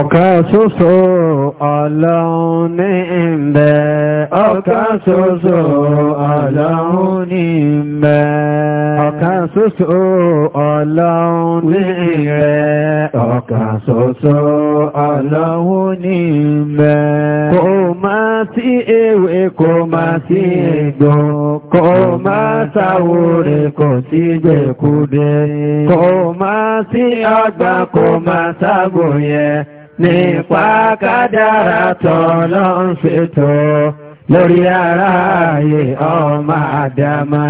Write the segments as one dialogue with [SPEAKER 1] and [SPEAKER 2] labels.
[SPEAKER 1] Ọ̀kan ṣoṣo Ọlọ́run ní ń bẹ, ọ̀kan ṣoṣo Ọlọ́run ní ń bẹ, ọ̀kan ṣoṣo Ọlọ́run ní ń bẹ, ọ̀kan ṣoṣo Ọlọ́run ní ń bẹ. Kò máa sí ewé, kò máa sí egbò, kò máa sáwòrè, kò sí gbẹ̀kúdẹ, kò máa sí àgbà, kò máa ságbòyẹ nípa kádàrà tọ́lọ́ ń ṣètò lórí aráyé ọmọ àdámá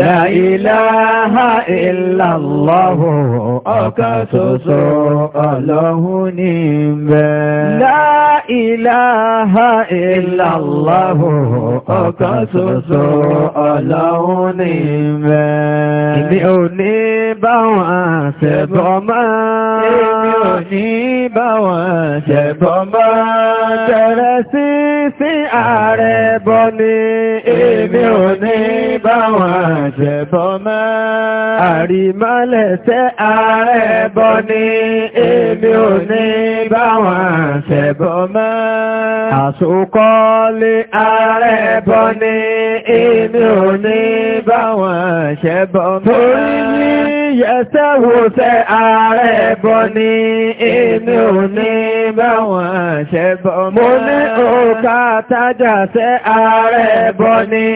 [SPEAKER 1] la ilaha illallah ọ̀kan ṣoṣo ọlọ́hun ní bẹ̀. la ilaha illallah ọ̀kan ṣoṣo ọlọ́hun ní bẹ̀. èmi ò ní bá wọn ṣẹbọ mọ́. èmi ò ní bá wọn ṣẹbọ mọ́. tẹ̀rẹ̀ sí sí àárẹ̀ ààrẹ bọ́ ní èmi ò ní báwọn àṣẹ̀bọ́ máa. Àrímálẹ̀ṣẹ́ ààrẹ bọ́ ní èmi ò ní báwọn àṣẹ̀bọ́ máa. Àsokọ́lé ààrẹ bọ́ ní èmi ò ní báwọn àṣẹ̀bọ́ máa. Torí ní yẹsẹ́ wòṣẹ́ ààrẹ bọ́ ní èmi ò ní báwọn àṣẹ̀bọ́ máa. Mo ní òkà tájà àṣẹ ààrẹ bọ́ ní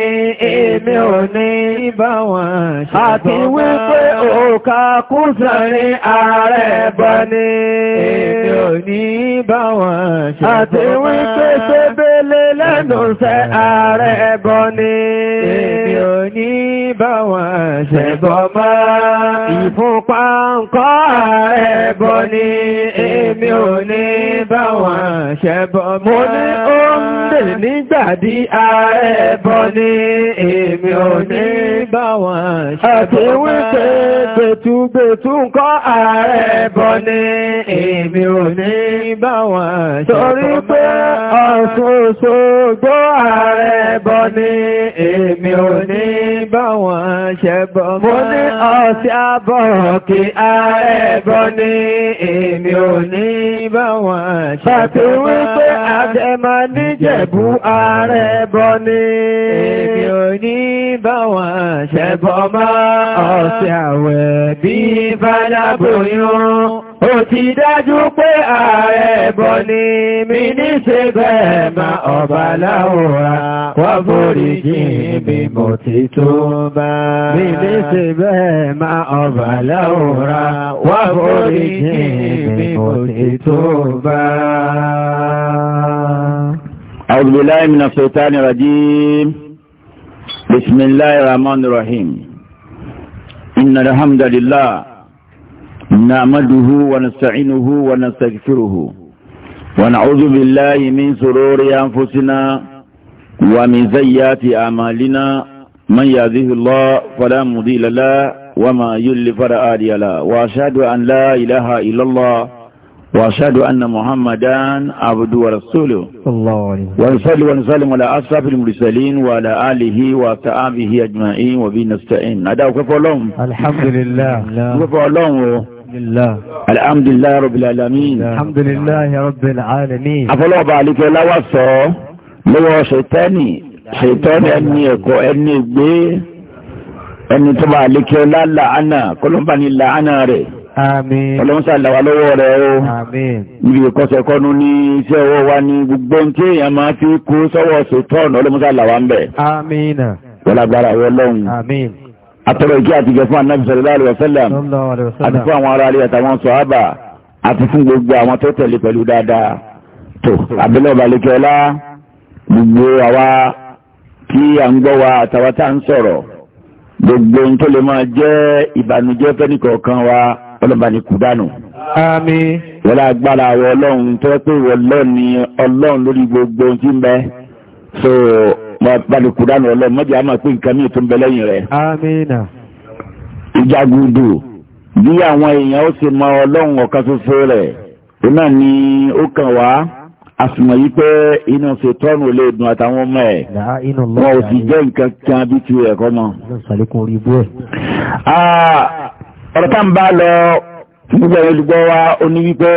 [SPEAKER 1] èmi ò ní bá wọn ṣe bọ́ àti wípé òkà kúsà ní ààrẹ bọ́ ní èmi ò ní bá wọn ṣe bọ́ àti wípé sébélé lẹ́nu ṣe ààrẹ bọ́ ní èmi ò ní bá wọn ìfúnpá ńkọ́ ààrẹ bọ́ ní èmi ò ní bá wọn mo ní ó ń dè ní nígbàdí ààrẹ bọ́ ní èmi ò ní bá wọn ṣe àti wípé gbẹ̀tùgbẹ̀tù nǹkan ààrẹ bọ́ ní èmi ò ní bá wọn ṣe torí pé ọ̀ṣọ́ṣọ́ gbọ́ ààrẹ bọ́ ní èmi ò ní bá wọn ṣe bọ́ mọ́ mo ní ọ̀sẹ̀ àbọ̀ kí ààrẹ bọ́ ní èmi ò ní bá wọn ṣe bọ́ mọ́ wípé àjẹmọ́ níjẹ̀bú à rẹ̀ bọ́ ní. Èmi ò ní bá wọn ṣẹbọ mọ́. Ọ̀sẹ̀ àwẹ̀ bí Fálábòyún. Ó ti dájú pé ààrẹ bọ̀ ni mi ní ṣe bẹ́ẹ̀ ma ọba láwòrá wọ́n fórí jìn bí mo ti tó bá. Mi ní ṣe bẹ́ẹ̀ ma ọba láwòrá wọ́n fórí jìn bí mo ti tó
[SPEAKER 2] bá. أعوذ بالله من الشيطان الرجيم بسم الله الرحمن الرحيم إن الحمد لله نعمده ونستعينه ونستغفره ونعوذ بالله من سرور أنفسنا ومن سيئات أعمالنا من يهده الله فلا مضل له وما يضلل فلا هادي له وأشهد أن لا إله إلا الله وأشهد أن محمدا عبده ورسوله الله عليه ونصلي ونسلم على أشرف المرسلين وعلى آله وصحبه أجمعين وبه نستعين هذا وكفى الحمد لله وكفى لهم لله الحمد لله رب العالمين الحمد لله رب العالمين أفلو بالك لا وصو لو شيطاني شيطان أني أكو أني بي أني تبع لك لا لعنة كلهم بني لعنة ري Àmín. Ọlọ́run ṣàlàwà lọ́wọ́ rẹ̀ o. Àmín. Ibi ìkọsẹ̀kọnu ní iṣẹ́ ọwọ́ wa ní gbogbo ohun tí èèyàn máa fi kú sọ́wọ́ sòtọ́ọ̀nù ọlọ́run ṣàlàwà ń bẹ̀. Àmín. Wọ́lágbára rẹ̀ lọ́hùn. Àmín. Atọ́rọ̀ ìkí àti ìjẹ fún Ànábì sallallahu alaihi wasallam. Àti fún àwọn ará alẹ́ àtàwọn sọ̀hábà. Àti fún gbogbo àwọn tó tẹ̀lé pẹ̀lú dáadáa. Tó àbílẹ̀ ọ̀bàlẹ̀kẹ́ ọlá gbogbo àwa tí à ń gbọ́ wa àtàwọn tá à ń sọ̀rọ̀. Gbogbo ohun tó lè máa jẹ́ ìbànújẹ́ fẹ́nìkọ̀ọ̀kan wa ọlọ́ba ni kù dànù. àmín. wọ́n lọ agbára wọ ọlọ́run tó yẹ pé wọ́n lọ ni ọlọ́run lórí gbogbo ohun tí ń bẹ so bá ní kù dànù ọlọ́run mọ́jà á máa pé nǹkan míì tó ń bẹ lẹ́yìn rẹ̀. àmín. ìjagudu bí àwọn èèyàn ó ti mọ ọlọ́run ọ̀kan ṣoṣo rẹ̀ náà ni ó kàn wá àsùnmọ̀ yìí pé inú ṣètọ́nù lè dùn àtàwọn ọmọ ẹ̀ wọn ò sì jẹ́ nǹkan kan bí ti ẹ̀kọ́ mọ́ ọ̀rọ̀ tá ń bá lọ gbogbo ẹ̀yọ́ olùgbọ́ wa ó ní wípé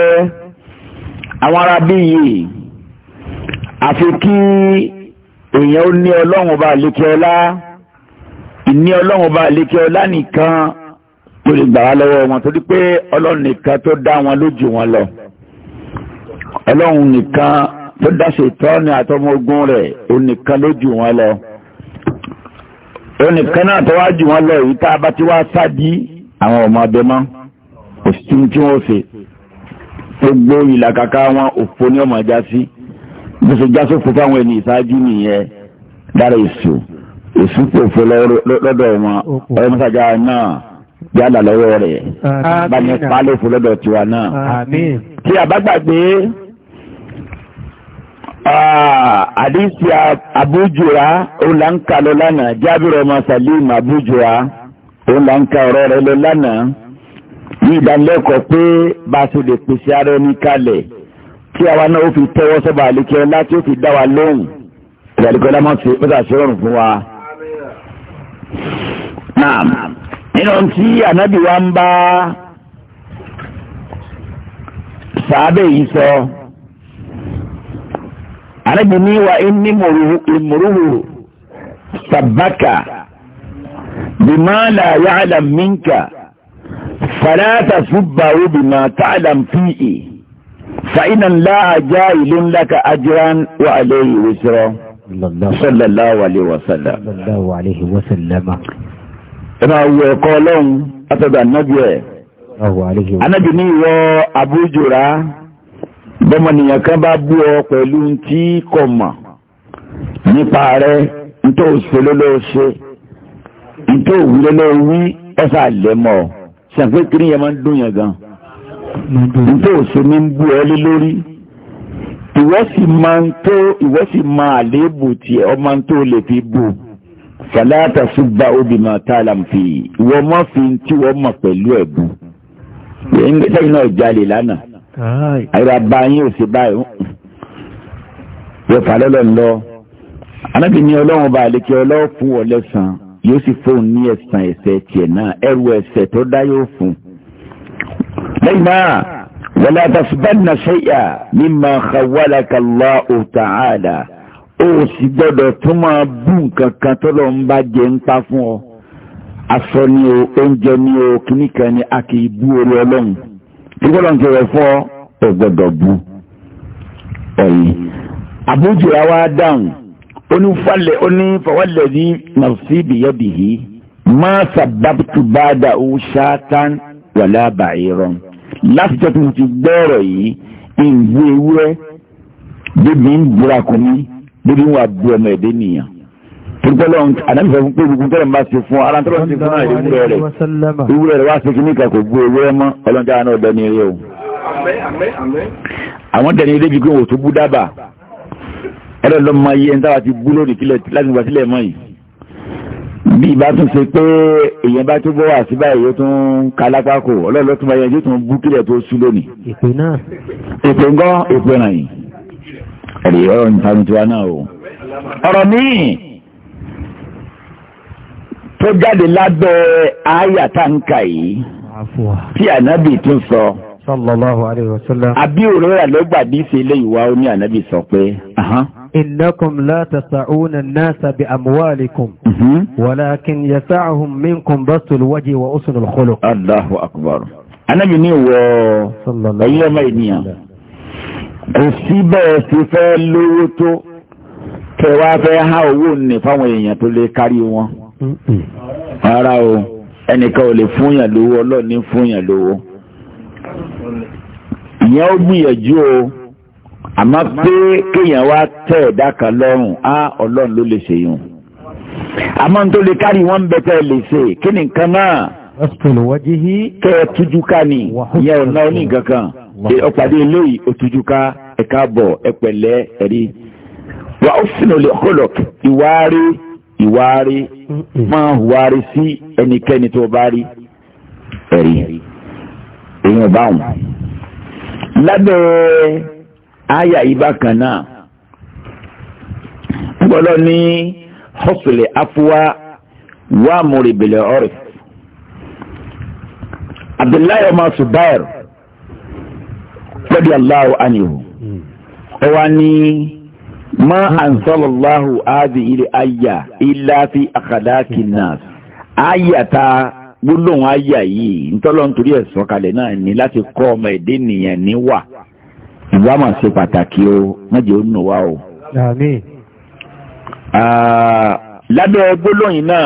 [SPEAKER 2] àwọn ará bí yìí àfi kí èèyàn ó ní ọlọ́run ọba àlékè ọlá ìní ọlọ́run ọba àlékè ọlá nìkan tó lè gbà wá lọ́wọ́ wọn torí pé ọlọ́run nìkan tó dá wọn lójú wọn lọ ọlọ́run nìkan tó dá ṣètọ́ni àtọmọ ogun rẹ̀ òun lójú wọn lọ òun náà tó wá jù wọn lọ èyí tá a bá ti wá sáàdì àwọn ọmọ abẹ mọ́ òsì tí wọ́n ṣe gbogbo ìlàkàkà wọn òfo ní ọmọ ajá sí gbèsè jásó fún fáwọn ẹni ìṣáájú nìyẹn dára èso èso kò fọ lọ́dọ̀ wọn ọ̀rẹ́ mọ́sájà náà yálà lọ́wọ́ rẹ̀ bá ní pálọ̀ fún lọ́dọ̀ tiwa náà. tí a bá gbàgbé àdìsí abújura ó là ń kalọ̀ lánàá jábìrì ọmọ salim abújura òun là ń ka ọ̀rọ̀ rẹ̀ lọ lánàá ní ìdánilẹ́kọ̀ọ́ pé bá a ṣe lè pèsè ara ẹni kalẹ̀ tí àwa náà ó fi tẹ́wọ́ sọ́ba àlékẹ́ ńlá tí ó fi dá wa lóhùn ìdàlùkọ́ lámọ́ sí pẹ́sà ṣe rọrùn fún wa. nínú tí ànábì wa ń bá sàábẹ̀ yìí sọ ànábì ní wa ní mòrúhù sàbákà. بما لا يعلم منك فلا تسبه بما تعلم فيه فإن الله جائل لك أجرا وعليه وسرا صلى الله عليه وسلم صلى الله عليه وسلم ẹ̀nà àwọ̀ ẹ̀kọ́ ọlọ́run látọ̀dọ̀ ànábì ẹ̀ ànábì ní ìwọ abújòrá bọ́mọnìyàn kan bá bú ọ nítorí òwúrẹ́ lọ́wọ́ wí ẹ̀sà lẹ́mọ̀ ṣàpé kiri yẹn máa ń dùn yẹn gan nítorí òṣèlú ń bú ẹ lé lórí ìwọ sì máa ń tó ìwọ sì máa àléébù tiẹ̀ ọmọ tó lè fi bù fàlàtà ṣùgbà obì máa tá a làm fi ìwọ mọ́ fi tí wọ́n mọ̀ pẹ̀lú ẹ̀ bù yẹn sẹ́yìn náà jalè lánàá àyíra bá yín ò sí báyìí yẹ fàlẹ́ lọ́nà lọ anábìíní ọlọ́run bá àlékè ọlọ́run fún ọ lẹ́sàn-án yóò sì fóun ní ẹ̀sán ẹ̀ṣẹ̀ tiẹ̀ náà ẹrù ẹ̀ṣẹ̀ tó dá yóò fún. lẹ́yìn náà wala tasbanna shay'an mimma khawwalaka Allahu ta'ala ó sì gbọ́dọ̀ tó máa bú nǹkan kan tó lọ́n bá jẹ ń pa fún ọ. aṣọ ni o oúnjẹ ni o kìnnìkan ni a kì í bú orí ọlọ́run tí kò lọ́n ti rẹ̀ fọ́ ọ gbọ́dọ̀ bú. ọ̀yìn àbújá wa dáhùn onífàlẹ̀ onífàwálẹ̀dí nàfíbìyẹ́bìyí máa sàbàbùtù bá dà ó ṣáàtàn wà lábàáyé rọ. láti jẹ́ kí mo ti gbọ́ọ̀rọ̀ yìí ìwé ewúrẹ́ bíbí ń búra kù mí bíbí ń wà bu ọmọ ẹ̀dẹ́ nìyàn. tìrìpẹ́lọ́ àdámìfẹ́ fún pé gbogbo tẹ́lẹ̀ ń bá ṣe fún ara tọ́lọ́ ṣe fún àìrí ewúrẹ́ rẹ̀ ewúrẹ́ rẹ̀ wá ṣe kí níkà kò bu ewúrẹ́ mọ́ ọlọ́dà náà dẹ́ni eré o. àwọn dẹ̀ni eré bíi pé wò tó bú dábàá ọlọ́run ló mọ iye ẹni táwa ti bú lónìí kílẹ̀ láti gbà sílẹ̀ mọ́ yìí bí ìbá tún ṣe pé èèyàn bá tún bọ́ wà sí báyìí yóò tún ka lápákò ọlọ́run ló tún bá yẹn yóò tún bú kílẹ̀ tó sú lónìí.
[SPEAKER 1] èpè náà. èpè ńgọ́
[SPEAKER 2] èpè ràn yìí ẹ̀rí ọ̀rọ̀ nípa mi tiwa náà o. ọ̀rọ̀ míì tó jáde lábẹ́ àyà táǹkà yìí tí ànábì tún sọ.
[SPEAKER 1] sallallahu alayhi wa sallam.
[SPEAKER 2] àbí òróró àlọ́gbàdì ṣe ilé ìwà ó ní ànábì sọ pé.
[SPEAKER 1] إنكم لا تسعون الناس بأموالكم ولكن يسعهم منكم بس الوجه وأسن الخلق
[SPEAKER 2] الله أكبر أنا مني و أيام إنيا كسيبة سفة لوتو كوافة هاوون فاوين يتولي كاريوان ara o ẹnìkan ò lè fúnyàn lówó ọlọ́ọ̀ni fúnyàn lówó ìyẹn ó gbìyànjú o àmọ́ pé kéèyàn wá tẹ̀ ẹ̀dá kan lọ́rùn á ọlọ́run ló lè ṣe yùn àmọ́ n tó lè kárí wọ́n bẹ tẹ́ lè ṣe kí ni nǹkan náà kẹ́ ẹ tújú ká ni ìyẹn ọ̀nà onígan kan ọ̀pàdé eléyìí òtújú ká ẹ káàbọ̀ ẹ pẹ̀lẹ́ ẹ̀rí wà ó sì lè kọlọ̀ ìwárí ìwárí máa wárí sí ẹnikẹ́ni tó bá rí ẹ̀rí èèyàn báwọn lábẹ́ àyà yìí bákan náà gbọ́dọ̀ ní husle afuwa wa muribile ọrẹ abdullahi ọmọ subair radi Allahu anhu ó wá ní ma ansalallahu adi ilé fi akadaki ta gbólóhùn yìí nítorí náà ní láti kọ́ ọmọ ẹ̀dẹ́ nìyẹn ìbámu ṣe pàtàkì o mẹ́jọ ó nù wá o. lábẹ́ gbólóyìn náà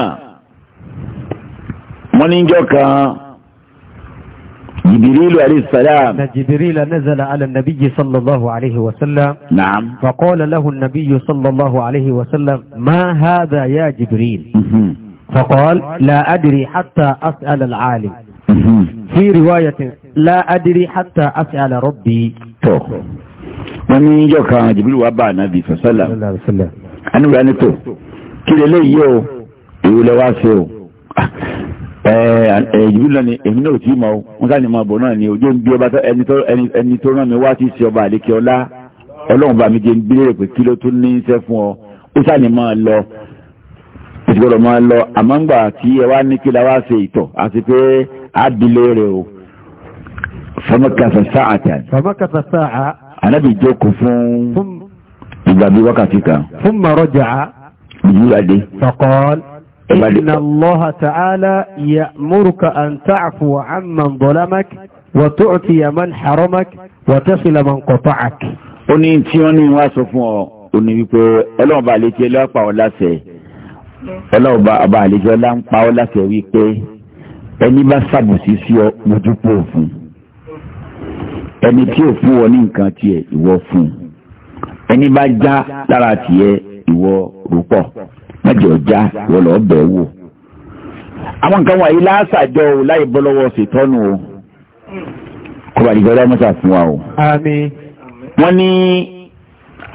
[SPEAKER 2] wọ́n ní jọ́ kan جبريل عليه السلام
[SPEAKER 1] جبريل نزل على النبي صلى الله عليه وسلم نعم فقال له النبي صلى الله عليه وسلم ما هذا يا جبريل فقال لا أدري حتى أسأل العالم في رواية láàdírí hátà àfi àlàrọ́bì
[SPEAKER 2] tọ̀ wọ́n ní yọ̀ kan jìbìlì wà bá ànábì sọ̀sọ́là anúbìrà ní tò kí lè lè yíò èyí lọ wá sí o jìbìlì náà ni èmi náà tí mọ̀ wọ́n sáà ní máa bọ̀ náà ni ojú ń bí ọba ẹni tó rán mi wá sí sí ọba àlékè ọlá ọlọ́run bá mi jẹ́ ń bílẹ̀ pé kí ló tún ní í fún ọ ó sáà ní máa lọ ìtìgbọ́dọ̀ máa lọ àmọ́ ń tí ẹ wá ní kí la wá ìtọ̀ àti pé á dilé rẹ̀ o famakafa sa'atan.
[SPEAKER 1] famakafa sa'a.
[SPEAKER 2] anabi jókòó fún. ìgbà bíi wákàtí kan.
[SPEAKER 1] fún mọ̀rọ̀jà. ìjúwàdé. faqal. inna allaha ta'ala ya'muruka an ta'fu amman zalamak wa tu'tiya man haramak wa tasila man qata'ak.
[SPEAKER 2] ó ní tí wọ́n ní wá sọ fún ọ ó ní wípé ọlọ́run bá lè jẹ́ lọ́pàá ọ láṣẹ ọlọ́run bá lè jẹ́ láǹpa ọ láṣẹ wípé ẹni bá ṣàbùsí sí ọ mójúpò fún ẹni tí ò fún ọ ní nǹkan tiẹ̀ ìwọ fún ẹni bá já lára tiẹ̀ ìwọ rúpọ̀ mẹ́jọ já ìwọ lọ́ọ́ bẹ̀ wò. àwọn nǹkan wọ̀nyí láṣàjọ o láì bọ́ lọ́wọ́ ṣètọ́nù o kó bá dìgbà ọlọ́mọ́sà fún wa o. wọ́n ní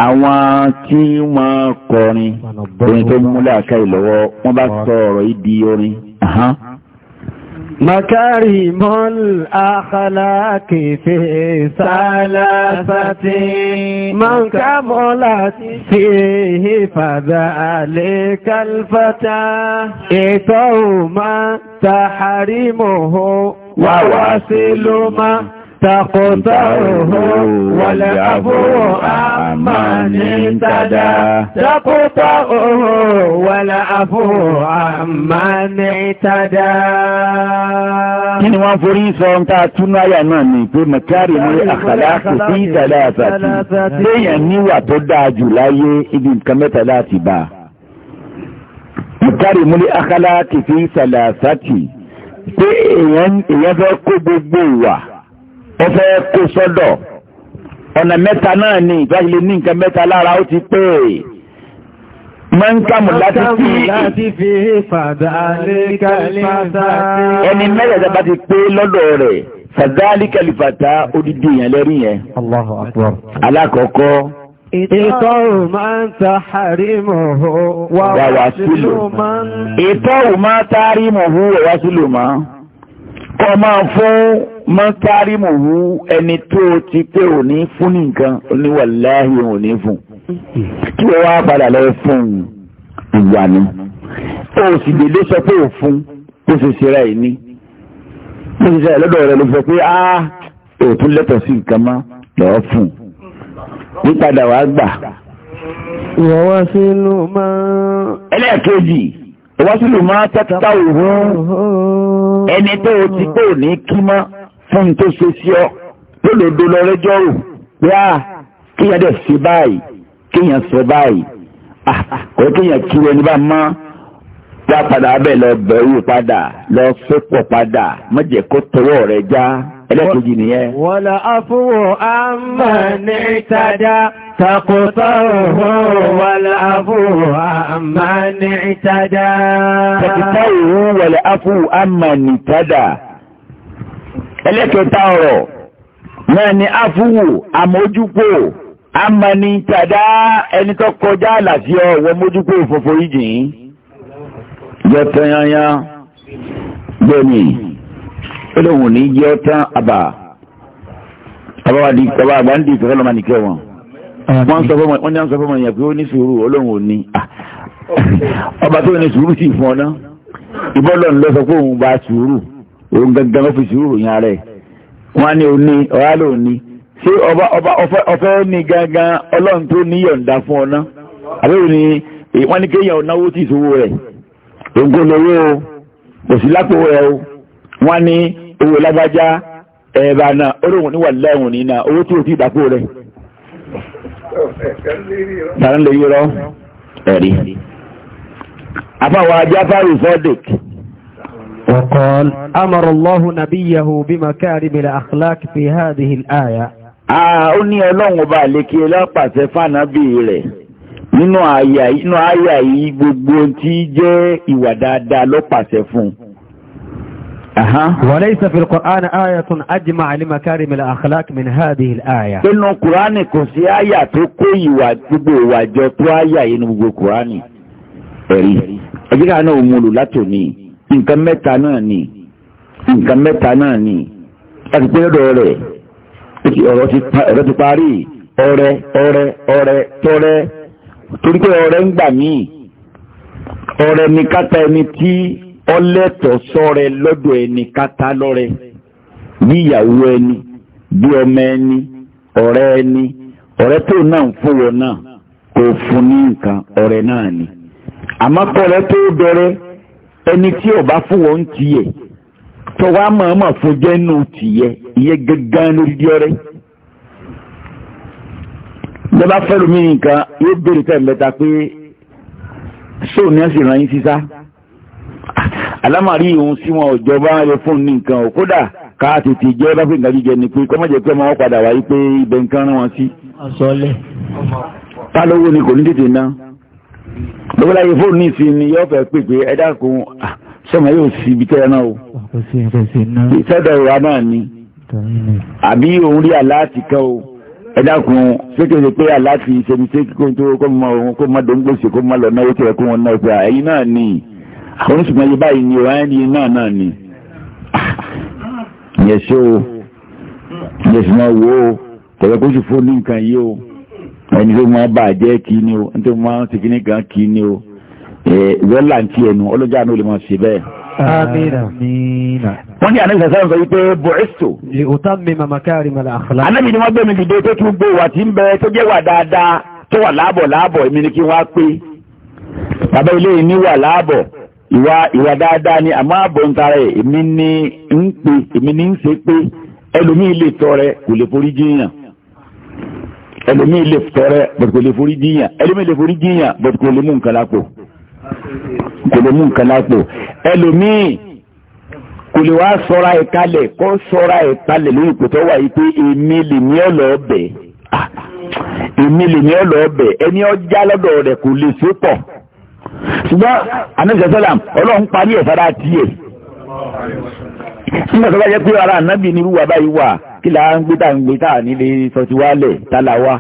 [SPEAKER 2] àwọn tí wọ́n kọrin orin tó múlẹ̀ àkàyè lọ́wọ́ wọ́n bá sọ ọ̀rọ̀ yìí di orin.
[SPEAKER 1] مكارم الأخلاق في ثلاثة من كملت فيه فذلك الفتى إتوما تحرمه ما. تقطعه والعفو عمن اعتدى تقطعه والعفو عمن اعتدى kí ni wọ́n forí sọ ń ta túnú àyà
[SPEAKER 2] náà ni pé mẹ̀kárì ní àkàlákò sí ìtàlá àsàtì léèyàn níwà tó dáa jù láyé ibi nǹkan mẹ́ta láti bá mẹ̀kárì mú ní àkàlákò sí ìtàlá àsàtì pé èèyàn fẹ́ kó gbogbo ìwà ó fẹ́ kó sọ́dọ̀ ọ̀nà mẹ́ta náà ni ìgbàgbé ní nǹkan mẹ́ta lára ó ti pé mọ́ńkàmù láti fi fàdà
[SPEAKER 1] lẹ́kàlẹ́fàtà ẹni mẹ́rẹ̀ẹ́ta bá
[SPEAKER 2] ti pé lọ́dọ̀ rẹ̀ fàdà lẹ́kàlẹ́fàtà odidi èèyàn lẹ́rí yẹn Akbar alákọ̀ọ́kọ́
[SPEAKER 1] ìtọ́rù máa ń ta àrímọ̀hó wà wà sílò
[SPEAKER 2] máa ń kọ́ máa fún mọ́kárìmùwú ẹni tó ti pé òní fún nìkan oníwàláhì òní fún kí wọ́n wá padà lọ fún ìwà ni ó sì dédé sọ pé ò fún ó sì ṣe ra ẹ̀ ní ó sì ṣe ẹ̀ lọ́dọ̀ rẹ̀ ló sọ pé áá òtún lẹ́tọ̀ sí nǹkan mọ́ lọ́ọ́ fún nípadà wàá gbà. ìwọ wá sínú máa. ẹlẹ́ẹ̀kejì ìwọ́sílù máa tẹ́tà òhun ẹni tó o ti pé òní kí mọ́ fún tó ṣe sí ọ tó lòdò lọ rẹjọ́ rò pé à kíyàn dẹ̀ ṣe báyìí kíyàn ṣe báyìí kò kíyàn kiri ẹni bá mọ́ wá padà abẹ́ lọ bẹ̀rù padà lọ sépọ̀ padà má jẹ́ kó tọwọ́ rẹ já ẹlẹ́kejì nìyẹn. wọ́lá afúwò àmà ní ìtajà takòtò òhun wọ́lá afúwò àmà ní ìtajà. takòtò òhun wọ́lá afúwò àmà ní ìtajà. ẹlẹ́kẹta ọ̀rọ̀ náà ni afúwò àmójúkò àmà ní ìtajà ẹni tó kọjá àlàfíà ọ̀wọ́ mójúkò fòfò ìjìn. yọ̀tọ̀ yanyan bẹ́ẹ̀ ni lóhùn ní jẹ́ tán àbà àbáwádì bàbá àgbà ń di ìtọ́fẹ́ lọ́mọ nìkẹ́ wọn. wọ́n sọ fún wọn ní à ń sọ fún wọn yẹn pé ó ní sùúrù olóhùn ò ní. Ah. ọba tó ní sùúrù sì fún ọ ná ìbọ́lọ̀ ń lọ sọ pé òun bá sùúrù òun gangan ó fi sùúrù yẹn rẹ̀ wọ́n ní òní ọ̀há lòun ní ṣé ọba ọba ọfẹ́ ní gangan ọlọ́run tó ní yọ̀ǹda fún ọ ná àbẹ́wò ni wọ́n ní owó lágbájá ẹ̀bà náà olóhùn níwà lẹ́hùn ní náà owó tí o ti dàpò rẹ̀ sàrán lè yọrọ ẹ̀rí afáwọn ajáfáàrù sọ́dẹ̀kì وقال أمر الله
[SPEAKER 1] نبيه بمكارم الأخلاق في هذه الآية
[SPEAKER 2] ó ní Ọlọ́run ọba àlékí ọlọ́pàṣẹ fànábì rẹ̀ nínú àyà yìí gbogbo tí jẹ́ ìwà dáadáa lọ́pàṣẹ fún un
[SPEAKER 1] وليس في القرآن آية أجمع لمكارم الأخلاق من هذه الآية
[SPEAKER 2] إنه القرآن كسي آية تقوي واتبو وجتو آية إنه القرآن ẹ̀rí ẹjíká náà múlò látòní nǹkan mẹ́ta náà ni nǹkan mẹ́ta náà ni láti pé lọ́dọ̀ rẹ̀ ọ̀rọ̀ ti parí ọrẹ ọrẹ ọrẹ tọrẹ torí pé ọrẹ ń gbà míì ọrẹ ni káta ẹni tí ọlẹ́tọ̀ sọ́rẹ lọ́dọ̀ ẹni kátá lọ́rẹ bí ìyàwó ẹni bí ọmọ ẹni ọ̀rẹ́ ẹni ọ̀rẹ́ tó náà ń fowó náà kò fún ní nǹkan ọ̀rẹ́ náà ni àmọ́ kọ́rẹ́ tó bẹ̀rẹ̀ ẹni tí ọba fowó ń tiẹ̀ tọwọ́ àmọ̀ọ́mọ̀ fojẹ́ nù tiẹ̀ ìyẹn gángan lórí di ìjọba fẹ́rù mí nǹkan yóò béèrè tẹ̀ mẹ́ta pé sóòní ẹ̀sìn ràn sísá alámàrí òun sí wọn ọ̀jọ́ bá lè fún ní nǹkan ò kódà ká tètè jẹ́ bá fi nǹkan jíjẹ ni pé kọ́mọ̀jẹ́ pé ọmọ padà wáyé pé ibẹ̀ nǹkan rán wọn sí. ta lówó ni kò ní tètè ná lọ́wọ́lá yìí fóònù ní ìsìn ni yọ́ fẹ́ pè pé ẹ̀dá kan sọ́mọ yóò sí ibi tẹ́lẹ̀ náà o ìṣẹ́dọ̀ ìwà náà ni àbí òun rí aláàtì kan o ẹ̀dá kan ṣékèké pé aláàtì ṣe ní ṣé kó tó kó mọ òun kó mọ lọ náà ó tẹ̀ kó wọn náà pé ẹ̀yin náà nìyí oníṣùgbọ́n yìí báyìí ni wọ́n ní náà náà ni yẹ ṣe o yẹ ṣe máa wo o tẹ̀wẹ́ kó ṣùfọ́ ní nǹkan yìí o ẹni tó máa bà jẹ́ kí ni o ẹni tó máa ti kí ní kan kí ni o wẹ́là ń tiẹ̀ nu ọlọ́jà náà lè máa ṣe bẹ́ẹ̀. wọ́n ní ànábì
[SPEAKER 1] sàṣẹ́ sọ wípé bọ̀ẹ́sọ̀. lè o tá mi màmá káàrí màlá àkàlà.
[SPEAKER 2] ànábì ni wọ́n gbé mi dìde tó tún gbé wà tí ń bẹ tó jẹ́ wà dáadáa tó wà láàbọ̀ láàbọ̀ èmi ni kí wọ́n á pé. bàbá ilé yìí ní wà láàbọ̀ ìwà ìwà dáadáa ni àmọ́ àbọ̀ntara ẹ̀ èmi ní ń pè èmi ní ń ṣe pé ẹlòmíì lè tọrẹ kò lè forí jiyàn ẹlòmíì lè tọrẹ bọ̀dù kò lè forí jiyàn ẹlòmíì lè forí jiyàn bọ̀dù kò lè mú nǹkan lápò kò lè mú nǹkan lápò ẹlòmíì kò lè wá sọra ẹ̀ kalẹ̀ kó sọra ẹ̀ kalẹ̀ lórí ìpòtọ́ wà yìí pé èmi lè ní ọ̀lọ́ọ̀bẹ̀ ah, èmi lè ní ọ̀lọ́ọ̀bẹ̀ ẹni ọjà lọ́dọ̀ rẹ̀ kò lè ṣépọ̀ ṣùgbọ́n ànábì sẹ́lám ọlọ́run parí ẹ̀ fara tiẹ̀ nígbà tó bá jẹ́ pé ara ànábì ní irúwà báyìí wà kí là ń gbé tá ń gbé tá nílé sọtí wálẹ̀ tálà wa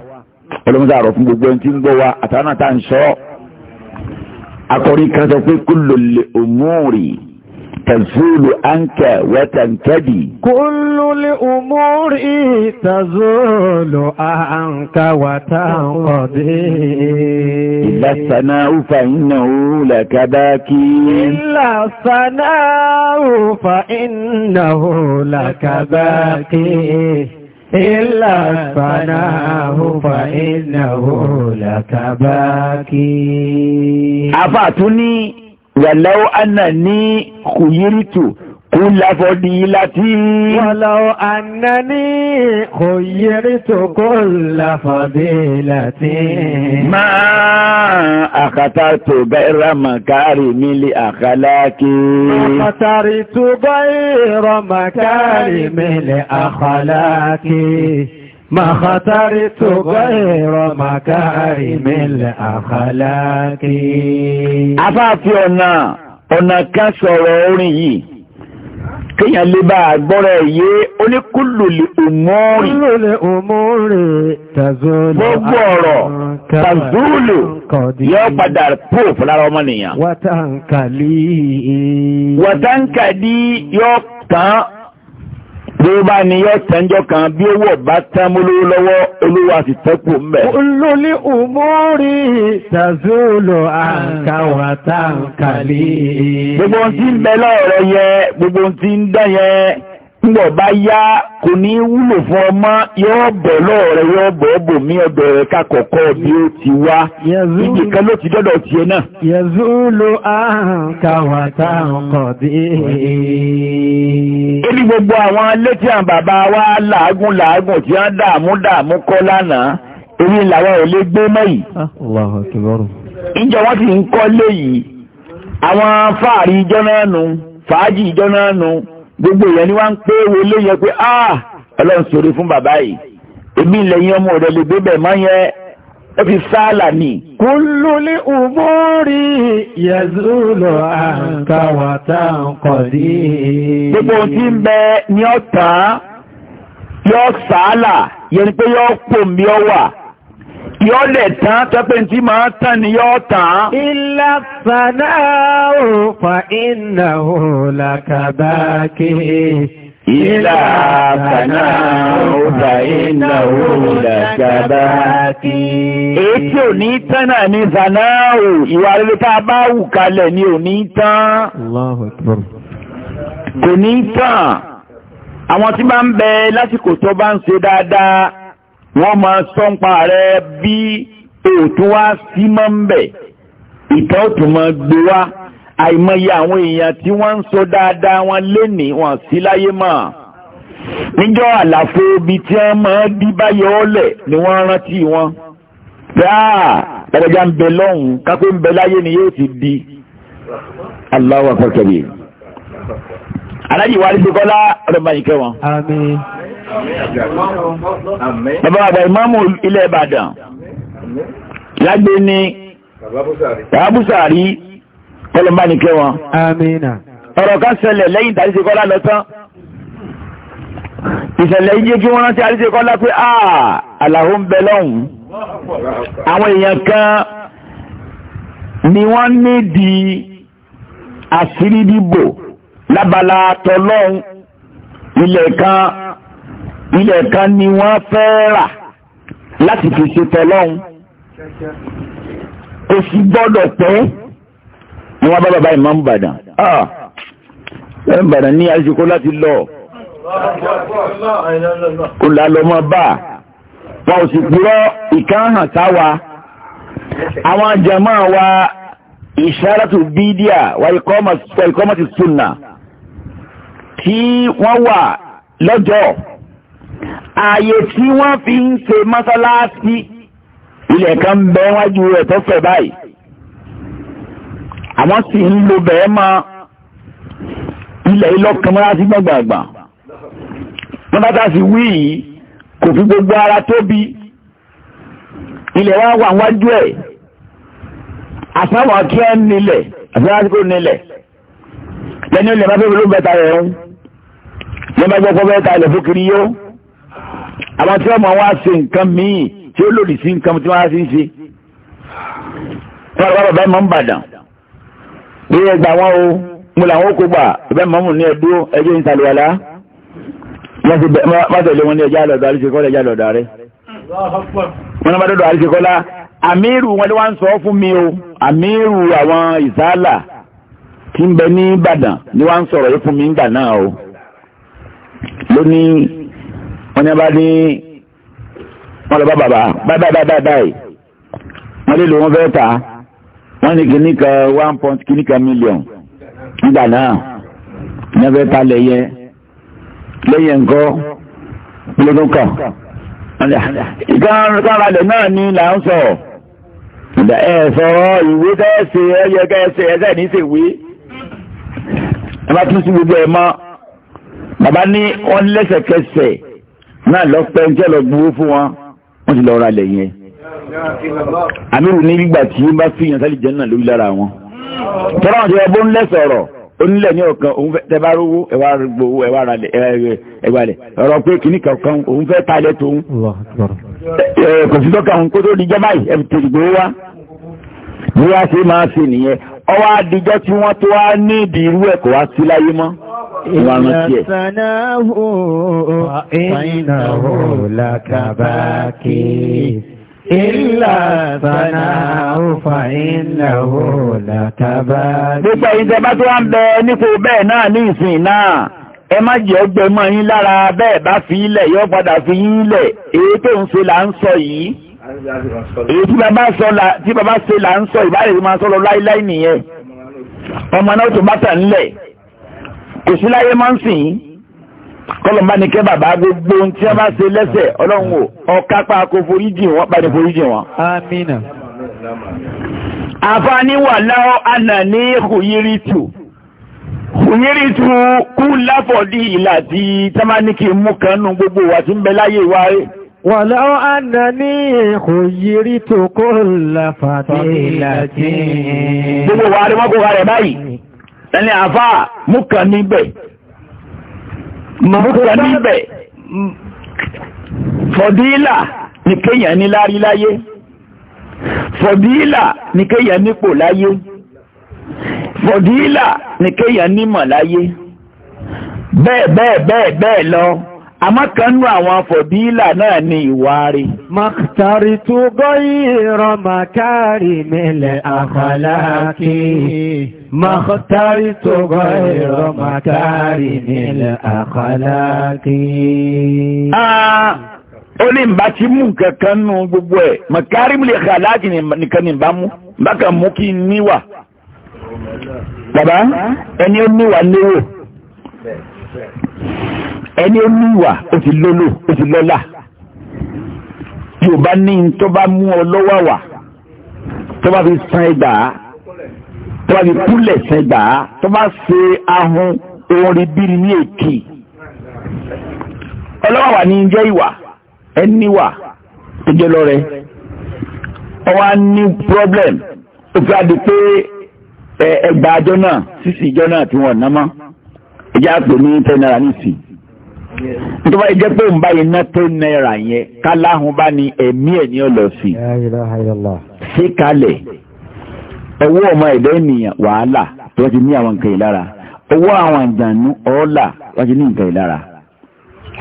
[SPEAKER 2] ọlọ́run sàrọ̀ fún gbogbo ẹni tí ń gbọ́ wa àtàwọn àtàǹṣọ́ akọrin kan sọ pé kúlò lè òmùrì تزول عنك وتنتدي
[SPEAKER 1] كل الأمور تزول عنك وتنقضي إلا الثناء
[SPEAKER 2] فإنه لك باكي
[SPEAKER 1] إلا الثناء فإنه لك باكي إلا الفناه
[SPEAKER 2] فإنه لك باكي أفاتني wàláwó àná ní kùyírìtù kú láfọ́dí láti.
[SPEAKER 1] wàláwó àná ní
[SPEAKER 2] kùyírìtù kú
[SPEAKER 1] láfọ́dí láti.
[SPEAKER 2] máa àkàtà tó bẹ́ẹ̀rẹ̀ màkàrí mílì àkàlákì. àkàtàrí tó bẹ́ẹ̀rẹ̀ màkàrí mílì àkàlákì. ما خطرت غير
[SPEAKER 1] مكارم الأخلاق
[SPEAKER 2] afáàfi ọ̀nà ọ̀nà kan sọ̀rọ̀ orin yìí kíyàn lè bá àgbọ́rọ̀ ẹ̀yẹ oníkúlùlì
[SPEAKER 1] òmóòrì gbogbo ọ̀rọ̀ tàzúlù
[SPEAKER 2] yọ padà pòf lára ọmọnìyàn
[SPEAKER 1] wàtánkàlì
[SPEAKER 2] yọ tán bí ó bá ní yọ́ tẹ́njọ́ kan bí owó ọ̀bá tán mú lówó lọ́wọ́ olúwa sì tẹ́kù mẹ́.
[SPEAKER 1] olórí òmórí tàzúlò àǹkàwà
[SPEAKER 2] táǹkàlì. gbogbo ohun ń bẹ lọ́rọ̀ yẹ gbogbo ohun ń dán ńgbọ̀ bá yá kò ní wúlò fún ọmọ yóò bọ̀ lọ́ọ̀ rẹ yóò bọ̀ bò mí ọ̀dọ̀ rẹ kakọ̀kọ́ bí ó ti wá níbi kan ló ti dọ́dọ̀ tiẹ̀ náà. àǹkàwàtà ọkọ̀ gbogbo àwọn létí àwọn bàbá wa làágùn làágùn tí wọ́n dààmú dààmú kọ́ lánàá làwọn ò lè gbé ìjọ ah, wọn ti ń kọ́ lé yìí àwọn gbogbo èèyàn ni wọ́n ń pé wo ló yẹ pé ah ọlọ́run sòrè fún bàbá yìí èmi lẹ́yìn ọmọ rẹ̀ lè gbé bẹ̀ mọ́ yẹn ó fi sáàlà ní. kúlù ní umori
[SPEAKER 1] yẹ̀zúlò àǹkàwàtà kọ̀dí. gbogbo ohun tí ń
[SPEAKER 2] bẹ ní ọ̀tàn yọ sáàlà yẹn ni pé yọ pòmí ọ wà tí ó lẹ̀ tán tẹ́pẹ́ tí máa tán ni yọ́ tán. Ilá
[SPEAKER 1] fàná ò fa iná ò làkàbákè.
[SPEAKER 2] Ilá fàná ò fa iná ò làkàbákè. Èyí tí ò ní tán náà ni fàná ò ìwà rere tá a bá wù kalẹ̀ ni ò ní tán. Kò ní tán. Àwọn tí bá ń bẹ lásìkò tó bá ń ṣe dáadáa wọ́n máa sọ́npa rẹ̀ bí òtún wá sí mọ́ ń bẹ̀ ìtọ́ òtún máa gbé wá àìmọye àwọn èèyàn tí wọ́n ń sọ dáadáa wọn lénìí wọn sí láyé mọ́ níjọ́ àlàfo ibi tí wọ́n máa dí báyọ̀ ọ̀lẹ̀ ni wọ́n rántí wọn dáa dàgbàjà ń bẹ lọ́hùn kápẹ́ ń bẹ láyé ni yóò ti di Allahu akbar kabir alájì wa rígbé kọ́lá ọlọ́mọ ìkẹ́ wọn. bàbá àgbà ìmáàmù ilẹ̀ ìbàdàn lágbé ní bàbábùsàrí ọlọ́mọ ìkẹ́ wọn. ọ̀rọ̀ kan ṣẹlẹ̀ lẹ́yìn tàbí ṣe kọ́lá lọ tán ìṣẹ̀lẹ̀ yíyé kí wọ́n rántí àríṣe kọ́lá pé àà àlàó ń bẹ lọ́hùn
[SPEAKER 1] àwọn èèyàn kan
[SPEAKER 2] ni wọ́n ní di àṣírí bíbò lábala tọlọ́hún ilẹ̀ kan ilẹ̀ kan ni wọ́n fẹ́ rà láti fi ṣe tọlọ́hún kò sì gbọ́dọ̀ pẹ́ ni wọ́n bá bàbá ìmáàmù Ìbàdàn lẹ́yìn Ìbàdàn ní àṣekó láti lọ kò lálọ́mọ́ bá wọn ò sì purọ́ ìkáhàn táwa àwọn jàmáà wa ìṣàràtù bídíà wà ìkọ́mọ̀tì súnà tí wọ́n wà lọ́jọ́ ààyè tí wọ́n fi ń ṣe mọ́sálásí ilẹ̀ kan bẹ wájú rẹ̀ tó fẹ̀ báyìí àwọn sì ń lo bẹ́ẹ̀ mọ́ ilẹ̀ ilọ́kan mọ́lá sí gbọ̀ngbàgbà wọ́n bá tà sí wí yìí kò fi gbogbo ara tóbi ilẹ̀ wá wà wájú ẹ̀ àsáwọn kí nílẹ̀ àsáwọn kí nílẹ̀ lẹ́ni olè bá fẹ́ ló bẹ̀ta rẹ̀ ń lọ́ba jẹ́ kọ́fẹ́ ta ilẹ̀ fókiri yó àwọn tí wọ́n mọ̀ wá ṣe nǹkan míì tí ó lòdì sí nǹkan tí wọ́n á sì ń ṣe wọ́n lọ́ba bẹ́ẹ̀ mọ́ ń bàdàn bí ẹ gbà wọ́n o mo làwọn ó kó gbà bẹ́ẹ̀ mọ́ mù ní ẹdúró ẹjọ́ ìsàlùwàlá wọ́n tẹ̀lé wọn ní ẹjọ́ àlọ́dọ̀ àríṣekọ́lá ẹjọ́ àlọ́dọ̀ rẹ̀ wọ́n náà bá dọ́dọ̀ àríṣekọ́lá àmírù wọn ló wá ń sọ fún mi o àmírù àwọn ìsálà tí ń bẹ ní Ìbàdàn ni wá ń sọ̀rọ̀ yìí fún mi ńgbà náà o lónìí wọ́n ní bá ní wọ́n lọ bá bàbá báyìí báyìí báyìí báyìí wọ́n lè lò wọ́n fẹ́ ta wọ́n ní kìíní kan one point kìíní kan million nígbà náà ní wọ́n fẹ́ ta lẹ́yẹ lẹ́yẹ nǹkan lọ́dún kan ìkànnì náà ni là ń sọ̀rọ̀ ìdá ẹ sọ̀rọ̀ ìwé tẹ́ẹ̀sì ẹ̀yẹ kẹ́ẹ̀sì ẹ̀sẹ̀ ní ìsèwé ẹ bá tún sí gbogbo ẹ̀ mọ́ bàbá ní wọ́n lẹ́sẹ̀kẹsẹ̀ náà lọ pẹ́ njẹ́ lọ gbowó fún wọn wọ́n ti lọ ra lẹ̀ yẹn àmírù ní gbígbà tí ó bá fi yàn sálì jẹ́ náà lórí lára wọn tọ́lá wọn ti ẹbó ń lẹ́sọ̀rọ̀ onílẹ̀ ní ọ̀kan òun fẹ́ tẹ́ bá rówó ẹwà gbowó ẹwà ralẹ̀ ẹwà rẹ̀ ọ̀rọ̀ pé kìíní kankan òun fẹ́ ta ilẹ̀ tóun kò sí tọ́ka òun kó tó di jẹ́báyì ẹ̀bí tó gbowó wá bí wá ṣe máa ṣe nìyẹn ọwọ́ adijọ́ tí wọ́n tó wá ní ìdí irú ẹ̀kọ́ wá sí láyé mọ́ wà rán tiẹ̀.
[SPEAKER 1] ìyàsánáhù ìnáwó làkàbákì ìlà sanáhù fàínáwó làkàbákì.
[SPEAKER 2] gbogbo ẹ̀yin tẹ́ bá tó wá ń bẹ nípò bẹ́ẹ̀ náà ní ìsìn náà ẹ má jẹ́ ọgbẹ́ mọ́ yín lára bẹ́ẹ̀ bá fi ilẹ̀ yọ padà fi yín lẹ̀ èyí tó ń ṣe là ń sọ yìí èyí tí bàbá ṣe là ń sọ ìbáraẹ̀rí máa sọ̀rọ̀ láíláí nìyẹn ọmọ náà tó bá tà ńlẹ̀ kò sí láyé máa ń sìn yín kọlọmba ni kẹ bàbá gbogbo ohun tí a bá ṣe lẹ́ṣẹ̀ Ọlọ́run wò ọkà pa kò foríjì wọn bá ní foríjì wọn. amina. àfààní wà láwọ àná ní kùyírìtù kùyírìtù kú láfọ̀dí ìlà tí támánikì mú kan gbogbo wà tí ń bẹ láyé wa rẹ̀. ولو أنني
[SPEAKER 1] خيرت كل فتيلة gbogbo wa rí mọ́kò wa
[SPEAKER 2] rẹ̀ báyìí ẹni àfá mú kàn níbẹ̀ mú kàn níbẹ̀ fọ̀dílà ní kéyàn ní lárí láyé fọ̀dílà ní kéyàn nípò láyé fọ̀dílà ní kéyàn nímọ̀ láyé bẹ́ẹ̀ bẹ́ẹ̀ bẹ́ẹ̀ bẹ́ẹ̀ lọ àmọ́ kan nú àwọn fọ̀dílà náà ni ìwà rí. Mọ̀kítàrí
[SPEAKER 1] tó gọ́ ìrọ̀ màkàrí mẹ́lẹ̀ àkọlákìí. مخترت غير مكارم الأخلاق
[SPEAKER 2] ó ní nbà tí mú kankan nù gbogbo ẹ̀ makarim lè xa láti nìkan ní nbà mú nbà kan mú kí n níwà bàbá ẹni ó níwà léwò ẹni ó níwà ó ti lólò ó ti lọ́lá yorùbá ní tó bá mú ọ lọ́wọ́ tó bá fi san ẹgbàá tó bá fi kúlẹ̀ sẹ́gbà tó bá ṣe ahun orin bíi ní èkì ọlọ́wà wà ní jẹ́ ìwà ẹníwà tó jẹ́ lọ́rẹ́ ọwá ní problem ó fi àdí pé ẹgbà àjọ náà sísì ìjọ náà tí wọ́n ná mọ́ ìjà pè ní ten naira nísì nítorí wáyé jẹ́ pé ń bá iná ten naira yẹn káláhùn bá ní ẹ̀mí ẹ̀ ní ọlọ́sìn sí ọwọ́ ọmọ ẹ̀dá ènìyàn wàhálà tí wọ́n ti ní àwọn nǹkan ìlara ọwọ́ àwọn àjànú ọ̀ọ́là wọ́n ti ní nǹkan ìlara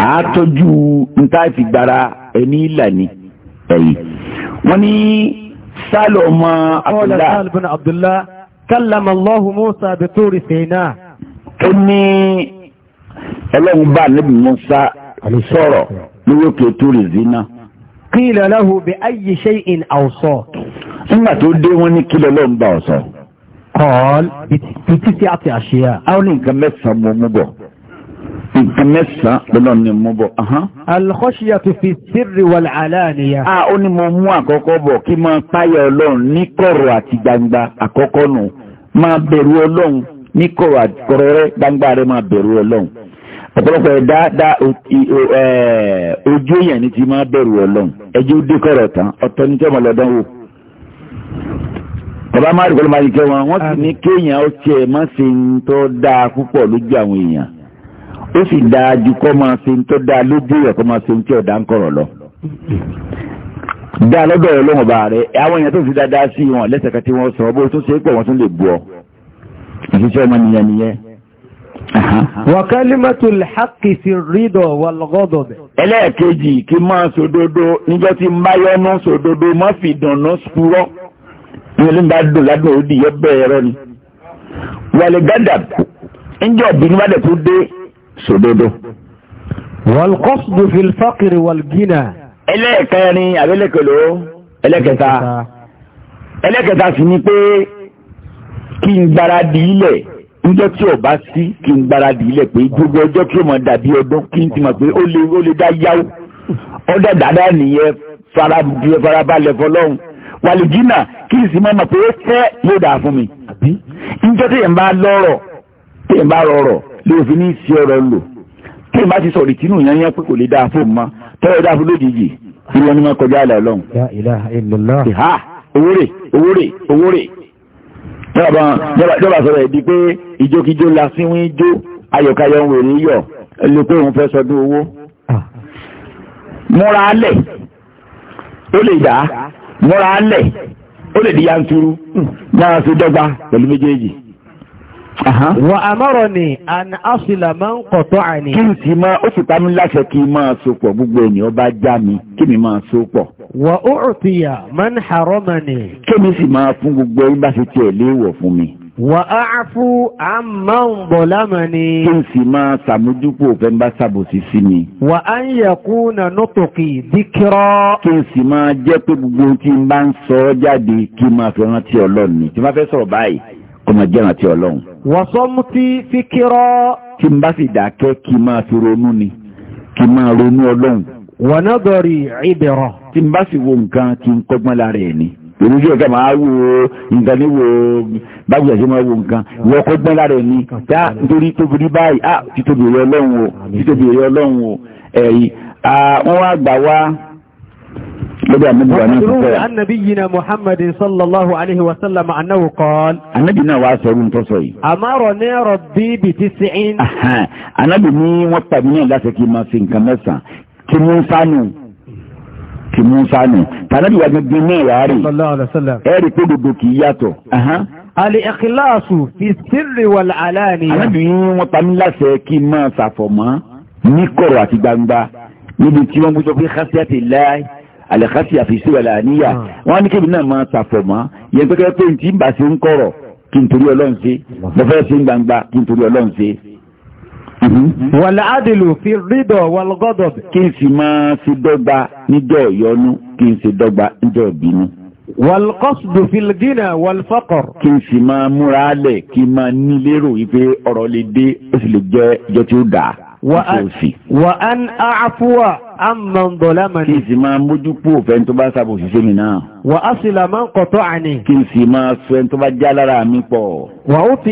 [SPEAKER 2] àátọ́jú nta ti gbara ẹni ìlà ni ẹ̀yìn wọ́n ní sálọ ọmọ abdullá kálàmà
[SPEAKER 1] Allahu Musa bituri Sina ó ní
[SPEAKER 2] ọlọ́run bá níbi Musa sọ̀rọ̀ lórí òkè tó rè zina.
[SPEAKER 1] qila lahu bi
[SPEAKER 2] ayyi shay'in awsaka nígbà tó dé wọ́n ní kí lọ́lọ́ ń bá ọ sọ. kọ́ọ̀l bìtì sí àti àṣeyà. àwọn nǹkan mẹ́sàn-án mo mú bọ̀ nǹkan mẹ́sàn-án lọ́lọ́ ni mo bọ̀. alkhọ́ṣíyà tó fi sírì wà láàlàyé. a ó ní mo mú àkọ́kọ́ bọ̀ kí máa páyà ọlọ́run ní kọ̀rọ̀ àti gbangba àkọ́kọ́ nù máa bẹ̀rù ọlọ́run ní kọ̀rọ̀ àti kọ̀rọ̀ gbangba rẹ máa bẹ̀rù ọlọ́run ọ̀pọ̀lọpọ̀ ẹ̀dá bàbá márùn kọ́lọ́ máa yí kẹ́ wọn wọ́n sì ní kéèyàn ó tiẹ̀ má ṣe ń tọ́ dáa púpọ̀ lójú àwọn èèyàn ó sì dáa ju kọ́ máa ṣe ń tọ́ dáa lójú èèyàn kọ́ máa ṣe ń tí ọ̀dà ń kọ̀rọ̀ lọ. dáa lọ́dọ̀ ọlọ́run ọba rẹ àwọn èèyàn tó fi dáadáa sí wọn lẹ́sẹ̀ kan tí wọ́n sọ bó tó ṣe é pọ̀ wọ́n tún lè bu ọ ìṣiṣẹ́ ọmọ nìyẹn nìyẹn. wà lọ́gọ́dọ̀ bẹ̀. ẹlẹ́ẹ̀kejì kí máa sòdodo níjọ́ tí ń bá yọnu sòdodo má fi ní bá dùn ládùn òdì yọ bẹ́ẹ̀ rọ ni wàlẹ̀ gádà ńjọ́ bínú bá dẹ̀ tó dé sòdodo.
[SPEAKER 1] wàlùkọ́sùdù fi fọ́kìrì wàlùgínà.
[SPEAKER 2] ẹlẹ́ẹ̀kẹrin àbẹ́lẹ́kẹló ẹlẹ́kẹta ẹlẹ́kẹta sì ni pé kí n gbáradì ilẹ̀ níjọ́ tí ò bá sí kí n gbáradì ilẹ̀ pé gbogbo ọjọ́ kí o mọ̀ dàbí ọdún kí n ti mọ̀ pé ó lè dá yáwó ọdẹ dàdá nìyẹn farabalẹ̀ fọlọ́hún wàlìjínà kí n sì máa mọ̀ pé fẹ́ yóò dáa fún mi. níjọ́ tí èèyàn bá lọ́rọ̀ tí èèyàn bá rọrọ̀ lè fi ní sí ọ̀rọ̀ lò tí èèyàn bá ti sọ̀rọ̀ ìtinú yẹn yẹn pé kò lè dáa fún mọ́ tọ́wọ́ dáa fún lójijì irú ẹni máa kọjá àlẹ́ ọlọ́run. ìhà owórè owórè owórè jọba sọ̀rọ̀ ẹ̀ di pé ìjókijó la síwín jó ayọ̀kayọ̀ ń wèrè yọ̀ lè òun fẹ́ sọdún owó. Ah. múra alẹ̀ ó lè dáa múra alẹ̀ ó lè di yanturu náà sí dọ́gba pẹ̀lú méjèèjì. wà á mọ̀rọ̀ ni àna àṣìlá máa ń kọ̀tọ́ àní. kí n sì máa ó sì ta mí láṣẹ kí n máa so pọ̀ gbogbo ènìyàn bá já mi kí mi máa so pọ̀. wà ó
[SPEAKER 1] rùtìyà máa ń harọ́ mọ̀ ni.
[SPEAKER 2] kí mi sì máa fún gbogbo ẹni bá ṣe tiẹ̀ léèwọ̀ fún mi wà á fún àmà ń bọ̀ lámà ni. tó sì máa sàmójúpò fẹ́ ń bá sàbòsí sí mi. wà á ń yẹ̀kú nà nótòkì díkírọ́. tó sì máa jẹ́ pé gbogbo tí n bá ń sọ ọ́ jáde kí n máa fi rántí ọlọ́run ni tí n fẹ́ sọ̀rọ̀ báyìí kó máa jẹ́ rántí ọlọ́run. wàsọ́mùtì fíkírọ́. tí n bá sì dákẹ́ kí máa fi ronú ni kí máa ronú ọlọ́run. wọ̀nàgọ̀rì ìbẹ̀rọ̀. tí n bá sì wo nǹkan kí n ìrújú ọ̀gá máa wo nǹkan ní wo bájú ẹ̀ṣẹ́ máa wo nǹkan ìwọ kó gbọ́n lára ẹni tá nítorí tóbi rí báyìí ah títóbi èrè ọlọ́run o títóbi èrè ọlọ́run o ẹ̀yìn wọ́n wá gbà wá lọ́dọ̀ àmúgbà náà tó fẹ́.
[SPEAKER 1] annabi yina muhammad sallallahu alaihi wa sallam annahu qala.
[SPEAKER 2] anabi náà wàá sọrú nítorí sọ yìí.
[SPEAKER 1] àmọ́rọ̀ ní rọ̀bí bì ti sìn. anabi ní
[SPEAKER 2] wọ́n pàmì ti Musa nù tàbí wà gbogbo náà wà rí ẹ̀rí pé gbogbo kì í yàtọ̀. Al-ikhlasu fi sirri wal alaniya. alábìyín wọn pa mí láṣẹ kí n máa ṣàfọ̀mọ́ ní kọ̀rọ̀ àti gbangba níbi tí wọ́n gbọ́dọ̀ pé kásíàtì láì àlẹ́kásí àfìsí wà láàníyà wọ́n á ní kébì náà máa ṣàfọ̀mọ́ yẹn pé pé ntí ń bà sí ń kọ̀rọ̀ kí n torí Ọlọ́run ṣe mo fẹ́ ṣe ń gbangba kí n torí Ọlọ́run ṣe. Mm-hmm. wàlá àdìlù fi rídọ̀ wàlọ́gọ́dọ̀. kí n sì máa fi dọ́gba níjọ́ ìyọnu kí n sì dọ́gba níjọ́ ìbínú. wàlọ́kọ́sùdù fìlgínà wàlfọ́kọ̀r. kí n sì máa múra lẹ̀ kí n máa ní lérò wípé ọ̀rọ̀ lè dé ó sì lè jẹ́ ìjọ tí ó dà á. wà á ń a mọ̀ ń bọ̀ lámàrí. kí n sì máa mójú pò fẹ́ tó bá sábò ṣiṣẹ́ mi náà. wà á sì là máa ń kọ̀tọ́ àní. kí n sì máa sọ ẹni tó bá já lára mi pọ̀.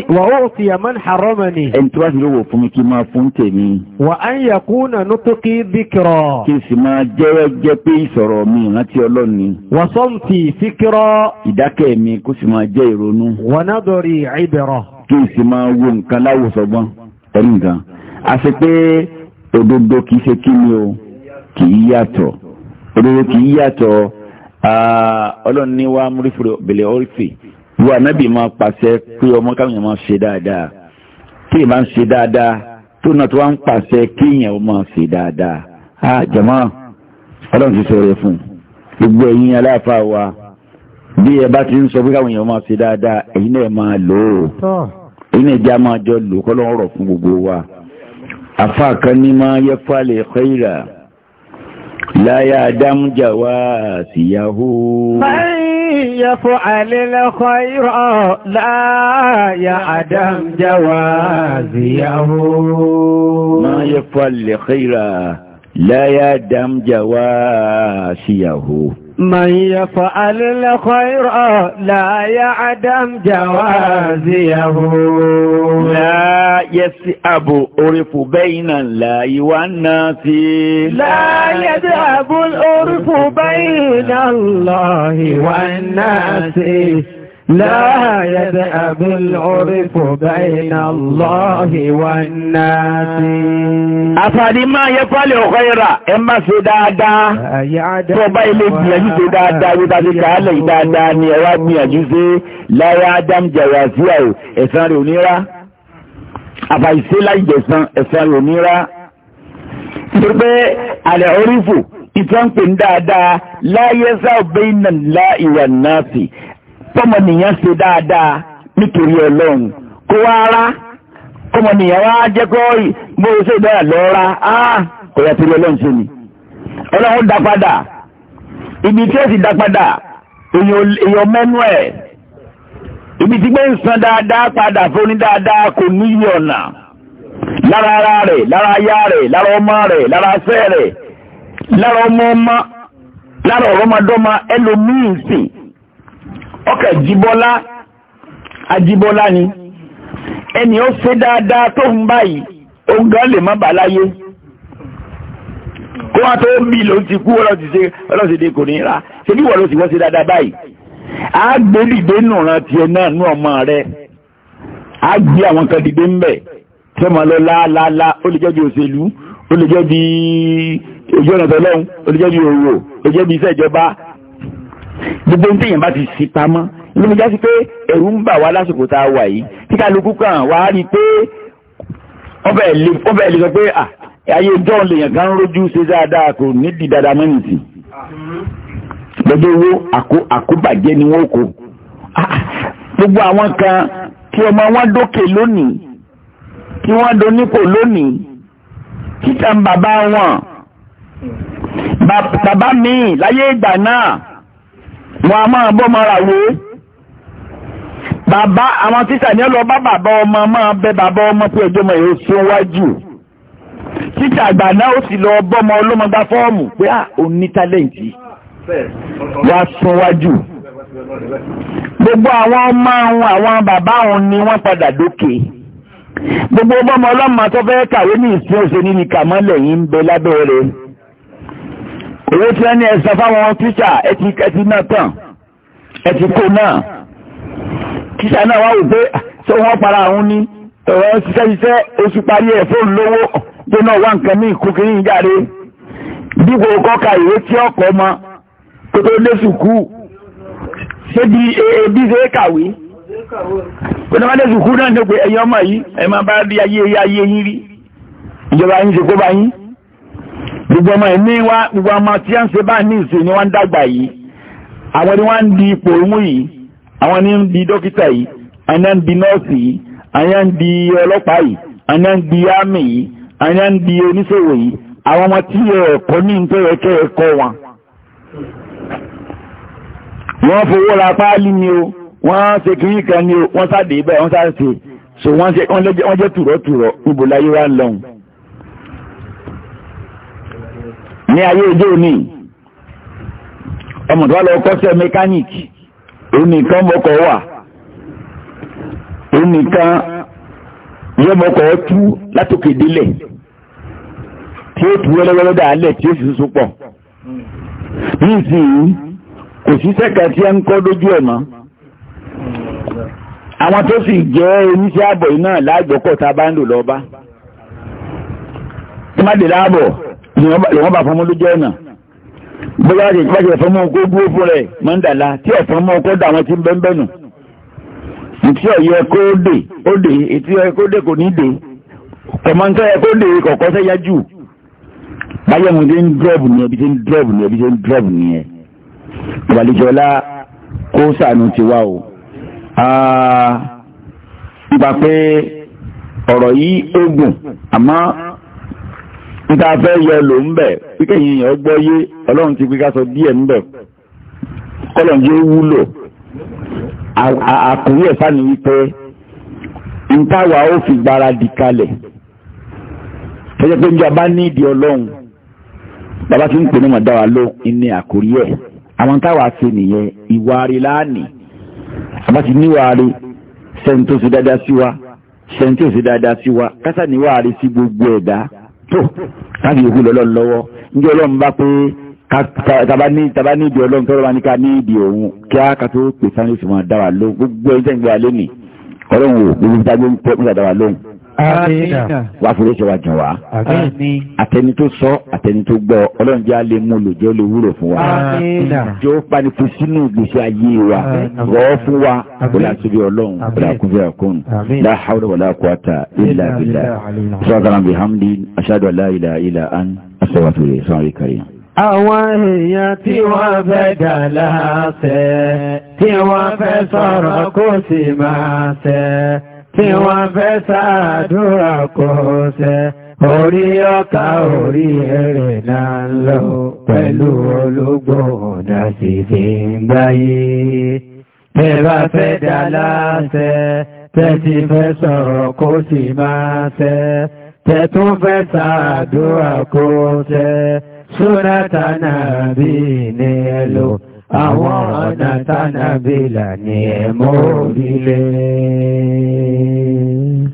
[SPEAKER 2] wà ó ti yà máa ń harọ́ mọ̀ ni. ẹni tó bá sì lówó fún mi kí n máa fún tèmi. wà á ń yà kú nà ní tó kí bíkìrọ̀. kí n sì máa jẹ́wọ́ jẹ́ pé ìsọ̀rọ̀ mi ìrántí Ọlọ́run ni. wà sọ́ǹtì fíkìrọ̀. ìdákẹ́ mi kó sì máa jẹ́ ìrònú. wà àṣepé òdodo kì ṣe kí ni o kì í yàtọ̀ òdodo kì í yàtọ̀ ọlọ́run ní wa múrífúri bẹ̀lẹ̀ ọ́lfì wà nábì máa pàṣẹ pé ọmọ káwọn èèyàn máa ṣe dáadáa kí èèyàn máa ṣe dáadáa tó náà tó wá ń pàṣẹ kí èèyàn máa ṣe dáadáa á jàmọ́ ọlọ́run ti sọ̀rọ̀ fún gbogbo ẹ̀yin aláàfáà wa bí ẹ bá ti ń sọ pé káwọn èèyàn máa ṣe dáadáa ẹ̀yin náà máa lò ó ẹ̀yin náà já máa jọ lò kọ́ lọ́rọ̀ fún gbogbo wa àfáà kan ní máa yẹ fálẹ̀ kọ́ ìrà. لا يدم جواسيه من
[SPEAKER 1] يفعل الخير لا يعدم
[SPEAKER 2] جوازيه ما يفعل الخير لا يدم جواسيه
[SPEAKER 1] من يفعل الخير لا يعدم جوازيه
[SPEAKER 2] لا يسأب عرف بين الله والناس لا يذهب العرف بين الله والناس لا يذهب
[SPEAKER 1] العرف بين الله والناس
[SPEAKER 2] أفادما يفعل خيرا إما سدادا فبا إليه يجوز دادا وذلك عليه دادا نيوات يجوز لا يعدم جوازيه إسان رونيرا أفايسي لا يجسان إسان رونيرا تربي على عرفه ìtọ́npin dáadáa láyé sáà bẹ́ẹ̀nà láìwà náà sí tọmọnìyàn ṣe dáadáa nítorí ọlọ́run kó wá rá kọmọnìyàn wá jẹ́ kó bó ṣe dára lọ rá á kò yà torí ọlọ́run ṣe ni ọlọ́run dá padà ibi tí ó sì dá padà èèyàn mẹ́nu ẹ̀ ibi tí gbé ń san dáadáa padà fóní dáadáa kò níyì ọ̀nà lára ara rẹ̀ lára aya rẹ̀ lára ọmọ rẹ̀ lára sẹ́ rẹ̀ lára ọmọ ọmọ lára ọ̀rọ̀mọdọ́mọ ẹlòmíì sìn ọkà jíbọ́lá ajíbọ́lá ni ẹni ó ṣe dáadáa tó ń báyìí òun gan lè má bà láyé kó wá tó ń bí ló ti kú ọlọ́sìdé kò ní ra ṣe bí wọ́n ló sì wọ́n ṣe dáadáa báyìí àgbélìdé nùran tiẹ̀ náà nú ọmọ rẹ àgbé àwọn kan dìde ń bẹ̀ tí wọ́n lọ láàlá ó lè jẹ́ òṣèlú ó lè jẹ́ bí tọ́lọ́hún ó lè jẹ́ òwò ó lè jẹ́ iṣẹ́ ìjọba gbogbo ní tèèyàn bá ti sí pamọ́ ló fi já sí pé ẹ̀rù ń bà wá lásìkò tá a wà yìí kí kálukú kan wá rí i pé ọbẹ̀ ilé pé ah, ayé john lèèyàn kan rójú ṣe dáadáa kò ní di dáadáa mọ́ nìsín gbogbo owó àkóbàjẹ́ ni wọ́n kó ah, gbogbo àwọn kan tí ọmọ wọn dókè lónìí tí wọ́n donípò lónìí títà bàbá wọn bàbá mi láyé ìgbà náà wọn a máa bọ́ mara wo bàbá àwọn tíṣà ní ọlọ bá bàbá ọmọ máa bẹ bàbá ọmọ pé ẹjọ́ mọ̀ èrò sún wájú tíṣà àgbà náà ó sì lọ bọ́mọ ọlọ́mọ gba fọ́ọ̀mù pé à ó tálẹ́ǹtì wá sún wájú gbogbo àwọn ọmọ àwọn àwọn bàbá òun ni wọ́n padà dókè gbogbo ọmọ ọlọ́mọ tó fẹ́ kàwé ní ìsìn òṣèlú ni kàmọ́lẹ̀ yìí ń bẹ lábẹ́ rẹ̀ owó tí wọ́n ní ẹ̀sán fáwọn tíṣà ẹ̀tì náà tàn ẹ̀tì kò náà tíṣà náà wá wù pé tó wọ́n para àwọn ní ẹ̀rọ ṣiṣẹ́ ṣiṣẹ́ oṣù parí ẹ̀ fóònù lówó tó náà wá nǹkan ní ìkókiri ìjáde dípò kọ́ka ìwé tí ọkọ̀ ọmọ tó tó lé sùkú ṣé bí ebi e, ṣe kàwé kó tó má lé sùkú náà ní pé ẹ̀yin ọmọ yìí ẹ̀ máa bá rí ayé ayé yín rí ìjọba yín ṣe kó bá yín gbogbo ọmọ ẹ̀mí wá gbogbo ọmọ tí a ń ṣe bá ní ìsìn ni wọ́n ń dàgbà yìí àwọn ni wọ́n ń di ipò mú yìí àwọn ni ń di dókítà yìí àwọn ń di nọ́ọ̀sì yìí àwọn ń di ọlọ́pàá yìí àwọn ń di ámì yìí àwọn ń di oníṣòwò yìí àwọn ọmọ tí ẹ̀kọ́ ní ń tẹ́rẹ kẹ́ ẹ̀kọ́ wọn wọ́n fowó ra páálí ni o wọ́n ṣe kìí kan ni o wọ́n sáà bẹ́ẹ̀ wọ́n sáà ṣe so wọ́n jẹ́ tùrọ̀tùrọ̀ ibò láyé wá lọ́hùn ní ayé òde òní ọmọ tó wá lọ kọ́ṣẹ́ mẹkáníìkì onìkan mọ́kọ̀ wà onìkan yẹ mọ́kọ̀ tú látòkè délẹ̀ tí ó tú wẹ́lẹ́wẹ́lẹ́ dàálẹ̀ tí ó sì sún pọ̀ nísìnyí kò sí sẹ́ka tí ẹ ń kọ́ lójú ẹ̀ mọ́ àwọn tó sì jẹ́ oníṣẹ́ àbọ̀ iná láàgbọ́kọ̀ tá a bá ń lò lọ́ba tí má dé láàbọ̀ lèwọ́n bá fọmọ lójú ọ̀nà bóyá àti ìpàdé ẹ̀fọ́mọ oko dúró fún rẹ̀ máa ń dàla tí ẹ̀fọ́mọ oko dà wọ́n ti ń bẹ́ẹ̀ bẹ́ẹ̀ nù ìtí ọ̀yẹ kó dè ó dè ìtí ọ̀yẹ kó dè kò ní dè kọ̀mọ́ntẹ́ ẹ̀ kó dè kọ̀kọ́ sẹ́ yájú báyẹ̀ mo ti ń dírọ̀bù ni ẹbí ti ń dírọ̀bù ni ẹbí ti ń dírọ̀bù ni ẹ ìbàlẹ̀jọ́lá kó sànù ti wá o nípa pé ọ̀rọ̀ yìí ó gùn àmọ́ níta fẹ́ yọ lò ń bẹ̀ pípẹ́ yìnyín ọgbọ́ yé ọlọ́run ti píká sọ díẹ̀ ń bẹ̀ yóò wúlò ẹ̀fà ní wípé ó fi kalẹ̀ pé bá ní ìdí ọlọ́run bàbá tí ń pè ní mọ̀dáwà ló ní ẹ̀ àwọn ṣe nìyẹn láàánì bàbá ti gbogbo ẹ̀dá. tó táàgì yòókù lọ́lọ́ lọ́wọ́ njẹ́ ọlọ́run bá pé taba ní ìdí ọlọ́run tọ́lọ́ bá ní ká ní ìdí òun kí á kà tó pè sáyẹ́nsì máa dá wa lóhùn gbogbo ẹ̀jẹ̀ ń gbé wa lónìí ọlọ́run wò gbogbo dágbé ń pẹ́ ń gbà lóhùn
[SPEAKER 1] wà
[SPEAKER 2] fúré ṣe wà jàn wá. àtẹni tó sọ àtẹni tó gbọ́ ọlọ́run jẹ́ alẹ́ mú lò jẹ́ olè wúlò fún wa. jọ panipu sínú gbèsè ayé wa rọ̀ fún wa wọlé àtúbí ọlọ́run wọlé àkúfẹ́ àkóhùn la hawla wala quwwata illa billah. sọ́kàrà bihamdi ashhadu an la ilaha illa an asọ́wàtò rẹ̀ sọ́nrí kárí.
[SPEAKER 1] àwọn èèyàn tí wọ́n fẹ́ dà láàṣẹ tí wọ́n fẹ́ sọ̀rọ̀ kó sì máa ṣẹ tí wọ́n fẹ́ sàdúrà kò ṣẹ orí ọkà orí ẹ̀rẹ̀ náà lọ pẹ̀lú ológbò ọ̀dá sì fi ń gbáyé tẹ́bá fẹ́ dá láṣẹ tẹ́tí fẹ́ sọ̀rọ̀ kó sì máa ṣẹ tẹ́tún fẹ́ sàdúrà kò ṣẹ súnátà náà bí ní ẹlò àwọn ọ̀nà tánàbílà ni ẹ̀mọ́ orílẹ̀